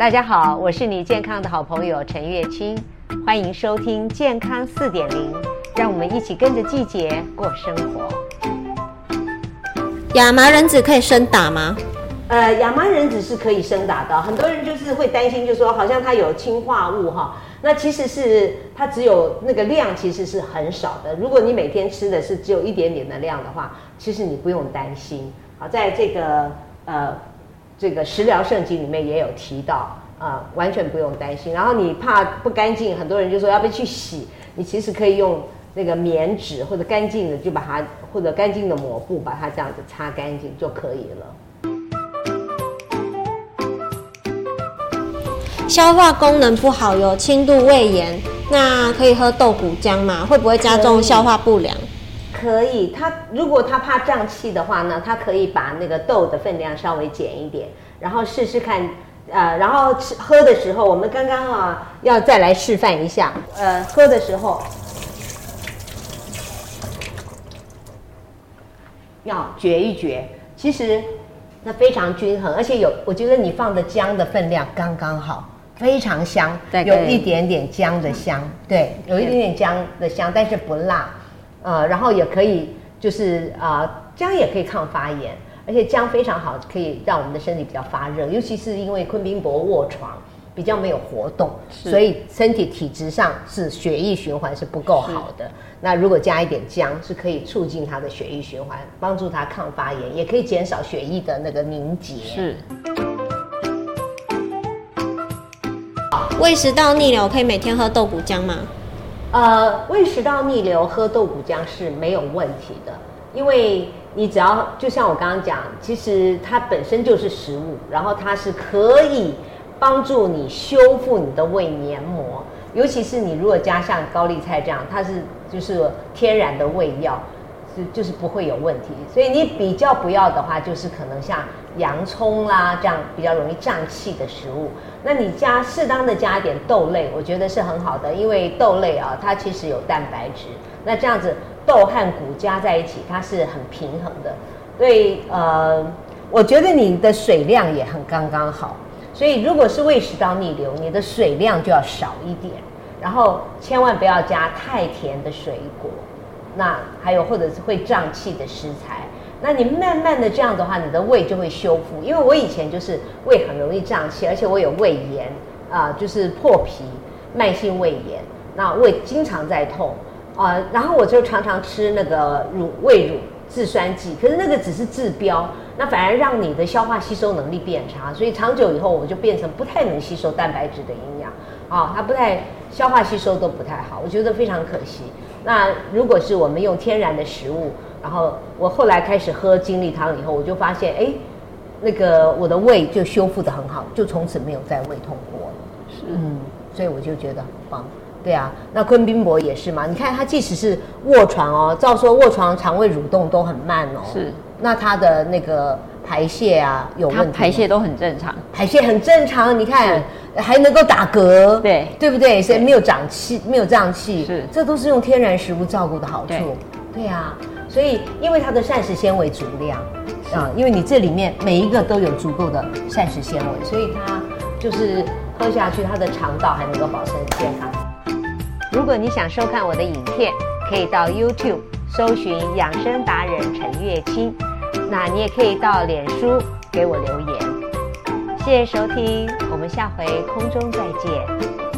大家好，我是你健康的好朋友陳月卿，歡迎收聽《健康四點零》，讓我們一起跟着季節過生活。亞麻仁籽可以生打嗎？呃，亞麻仁籽是可以生打的，很多人就是會擔心就是，就說好像它有氰化物哈、哦，那其實是它只有那個量其實是很少的。如果你每天吃的是只有一點點的量的話，其實你不用擔心。好，在這個呃。這個食療聖經裡面也有提到，啊、呃，完全不用擔心。然後你怕不乾淨，很多人就說要不要去洗，你其實可以用那個棉紙或者乾淨的，就把它或者乾淨的抹布把它這樣子擦乾淨就可以了。消化功能不好，有輕度胃炎，那可以喝豆穀漿嗎？會不會加重消化不良？嗯可以，他如果他怕脹氣的話呢，他可以把那個豆的分量稍微減一點，然後試試看。呃，然後吃喝的時候，我們剛剛啊要再來示範一下。呃，喝的時候要嚼一嚼。其實那非常均衡，而且有，我覺得你放的薑的分量剛剛好，非常香，有一點點薑的香，對，有一點點薑的香，但是不辣。呃，然後也可以，就是啊、呃，薑也可以抗發炎，而且薑非常好，可以讓我們的身體比較發熱，尤其是因為崑濱伯臥床比較沒有活動，是所以身體體質上是血液循環是不夠好的。是那如果加一點薑，是可以促進他的血液循環，幫助他抗發炎，也可以減少血液的那個凝結。是。胃食道逆流可以每天喝豆穀漿嗎？呃，胃食道逆流喝豆穀漿是沒有問題的，因為你只要就像我剛剛講，其實它本身就是食物，然後它是可以幫助你修復你的胃黏膜，尤其是你如果加像高麗菜這樣，它是就是天然的胃藥。就是不會有問題，所以你比較不要的話，就是可能像洋蔥啦這樣比較容易脹氣的食物。那你加適當的加一點豆類，我覺得是很好的，因為豆類啊它其實有蛋白質。那這樣子豆和穀加在一起，它是很平衡的。所以呃，我覺得你的水量也很剛剛好。所以如果是胃食道逆流，你的水量就要少一點，然後千萬不要加太甜的水果。那還有或者是會脹氣的食材，那你慢慢的這樣的話，你的胃就會修復。因為我以前就是胃很容易脹氣，而且我有胃炎啊、呃，就是破皮、慢性胃炎，那胃經常在痛啊、呃，然後我就常常吃那個乳胃乳制酸劑，可是那個只是治標。那反而讓你的消化吸收能力變差，所以長久以後我就變成不太能吸收蛋白質的營養、哦、它不太消化吸收都不太好，我覺得非常可惜。那如果是我們用天然的食物，然後我後來開始喝精力湯以後，我就發現哎，那個我的胃就修復得很好，就從此沒有再胃痛過了。是，嗯，所以我就覺得很棒。對啊，那崑濱伯也是嘛，你看他即使是臥床哦，照說臥床腸胃蠕動都很慢哦。是。那它的那個排泄啊有問題，排泄都很正常，排泄很正常。你看是還能夠打嗝，對，對不對？所以沒有脹氣，對沒有脹氣，是，這都是用天然食物照顧的好處。對，對啊，所以因為它的膳食纖維足量啊是、嗯，因為你這裡面每一個都有足夠的膳食纖維，所以它就是喝下去，它的腸道還能夠保持健康。如果你想收看我的影片，可以到 YouTube 搜尋養生達人陳月卿。那你也可以到臉書給我留言。謝謝收聽，我們下回空中再見。